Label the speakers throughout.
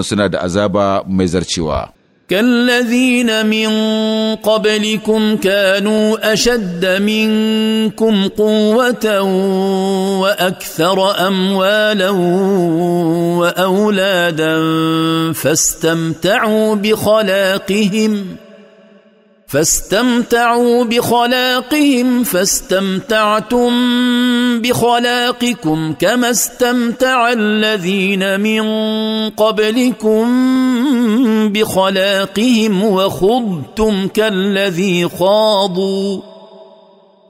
Speaker 1: suna da azaba mai zarcewa.
Speaker 2: كالذين من قبلكم كانوا اشد منكم قوه واكثر اموالا واولادا فاستمتعوا بخلاقهم فاستمتعوا بخلاقهم فاستمتعتم بخلاقكم كما استمتع الذين من قبلكم بخلاقهم وخضتم كالذي خاضوا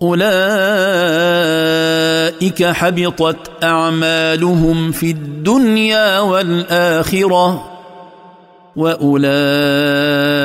Speaker 2: اولئك حبطت اعمالهم في الدنيا والاخره واولئك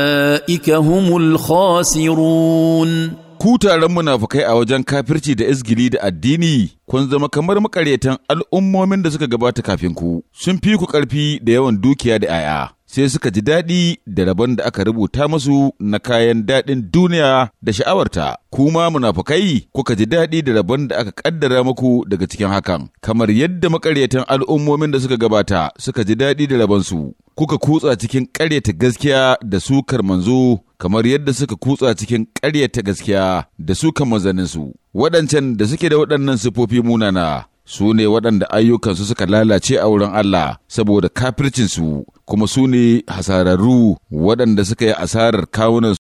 Speaker 2: أولئك humul
Speaker 1: khasirun ku taron munafukai a wajen kafirci da izgili da addini kun zama kamar makaryatan al'ummomin da suka gabata kafin ku sun fi ku ƙarfi da yawan dukiya da 'ya'ya sai suka ji daɗi da rabon da aka rubuta masu na kayan daɗin duniya da sha'awarta, kuma munafukai kuka ji daɗi da rabon da aka ƙaddara muku daga cikin hakan, kamar yadda makaryatan al'ummomin da suka gabata suka ji daɗi da rabonsu. Kuka kutsa cikin ƙaryata gaskiya da sukar manzo, kamar yadda suka kutsa cikin ƙaryata gaskiya da sukar manzanninsu, waɗancan da suke da waɗannan siffofi munana. su ne waɗanda ayyukansu suka lalace a wurin Allah saboda kafircinsu kuma su ne hasararru waɗanda suka yi asarar kawunan